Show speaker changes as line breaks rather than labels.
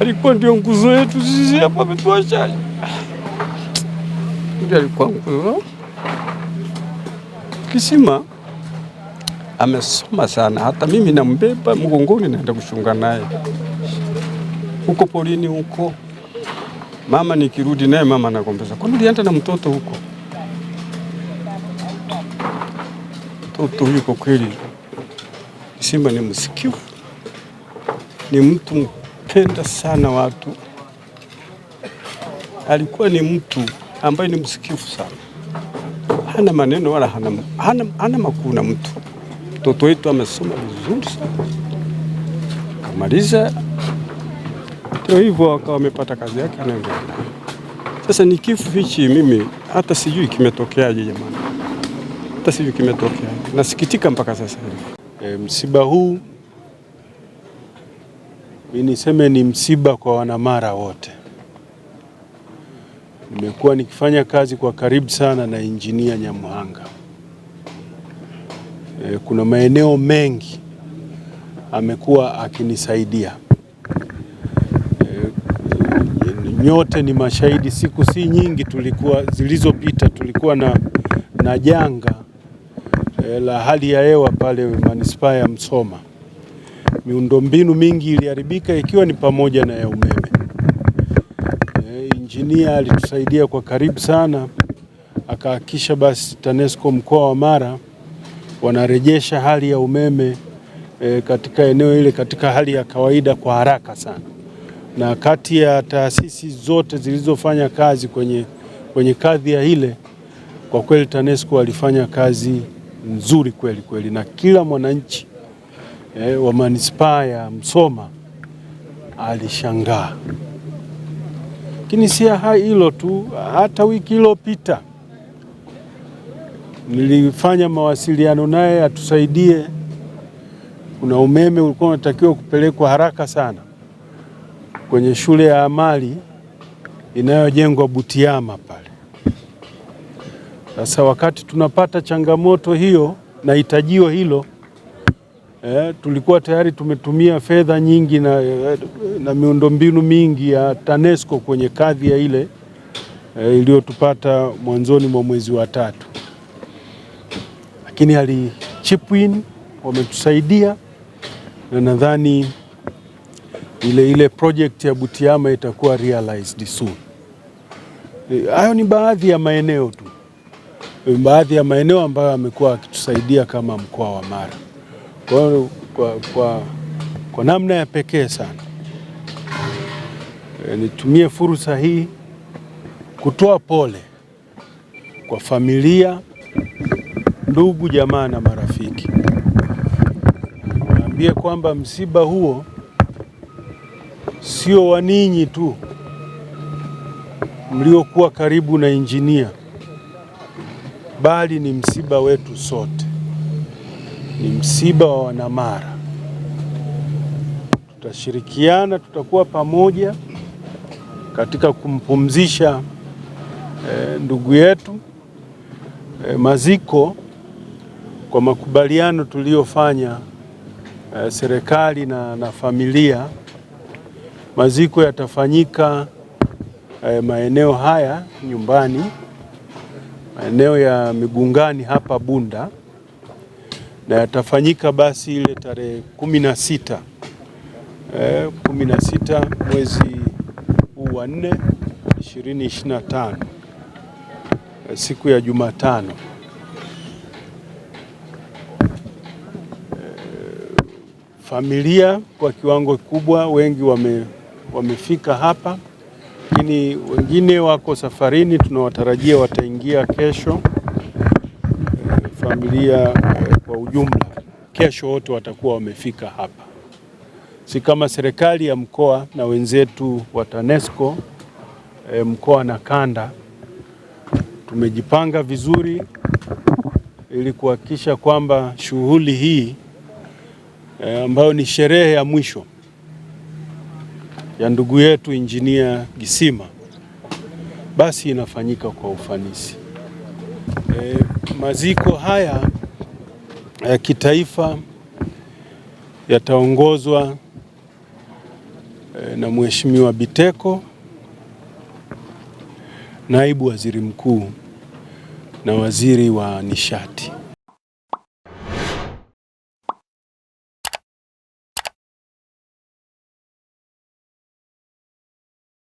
alikuwa ndio nguzo yetu sisi hapa, ametuacha ndio alikuwa nguzo. Kisima amesoma sana, hata mimi nambeba mgongoni naenda kushunga naye huko polini huko. Mama nikirudi naye mama nagombeza, kwani ulienda na mtoto huko? Mtoto huyu kwa kweli Kisima ni msikivu, ni mtu aliwapenda sana watu. Alikuwa ni mtu ambaye ni msikifu sana, hana maneno wala hana, hana, hana makuu na mtu. Mtoto wetu amesoma vizuri sana kamaliza, ndio hivyo akawa amepata kazi yake anaendelea. Sasa ni kifo hichi, mimi hata sijui kimetokeaje, jamani, hata sijui kimetokea nasikitika mpaka sasa hivi e, msiba huu Niseme ni msiba kwa wanamara wote. Nimekuwa nikifanya kazi kwa karibu sana na injinia Nyamuhanga. E, kuna maeneo mengi amekuwa akinisaidia. E, nyote ni mashahidi, siku si nyingi tulikuwa zilizopita tulikuwa na, na janga e, la hali ya hewa pale manispaa ya Msoma miundombinu mingi iliharibika ikiwa ni pamoja na ya umeme. E, injinia alitusaidia kwa karibu sana akahakikisha basi TANESCO mkoa wa Mara wanarejesha hali ya umeme e, katika eneo ile katika hali ya kawaida kwa haraka sana, na kati ya taasisi zote zilizofanya kazi kwenye, kwenye ya ile kwa kweli TANESCO alifanya kazi nzuri kweli kweli na kila mwananchi eh, wa manispaa ya Msoma alishangaa. Lakini si hilo tu, hata wiki iliyopita nilifanya mawasiliano naye atusaidie. Kuna umeme ulikuwa unatakiwa kupelekwa haraka sana kwenye shule ya amali inayojengwa Butiama pale. Sasa wakati tunapata changamoto hiyo na hitajio hilo eh, tulikuwa tayari tumetumia fedha nyingi na, eh, na miundombinu mingi ya TANESCO kwenye kadhi ya ile eh, iliyotupata mwanzoni mwa mwezi wa tatu, lakini hali Chipwin wametusaidia na nadhani ile, ile project ya Butiama itakuwa realized soon. Eh, hayo ni baadhi ya maeneo tu, eh, baadhi ya maeneo ambayo amekuwa akitusaidia kama mkoa wa Mara. Kwa kwa, kwa, kwa namna ya pekee sana e, nitumie fursa hii kutoa pole kwa familia, ndugu, jamaa na marafiki. Niambie kwamba msiba huo sio wa ninyi tu mliokuwa karibu na injinia, bali ni msiba wetu sote ni msiba wa Wanamara. Tutashirikiana, tutakuwa pamoja katika kumpumzisha e, ndugu yetu e, maziko kwa makubaliano tuliyofanya e, eh, serikali na, na familia. Maziko yatafanyika e, maeneo haya nyumbani, maeneo ya Migungani hapa Bunda na yatafanyika basi ile tarehe kumi na sita eh, kumi na sita mwezi huu wa nne ishirini ishirini na tano eh, siku ya Jumatano eh, familia kwa kiwango kikubwa, wengi wame, wamefika hapa, lakini wengine wako safarini, tunawatarajia wataingia kesho. E, familia kwa ujumla kesho wote watakuwa wamefika hapa, si kama serikali ya mkoa na wenzetu wa TANESCO e, mkoa na kanda tumejipanga vizuri ili kuhakikisha kwamba shughuli hii e, ambayo ni sherehe ya mwisho ya ndugu yetu Injinia Gisima basi inafanyika kwa ufanisi. E, maziko haya ya kitaifa yataongozwa eh, na Mheshimiwa Biteko, naibu waziri mkuu na waziri wa nishati.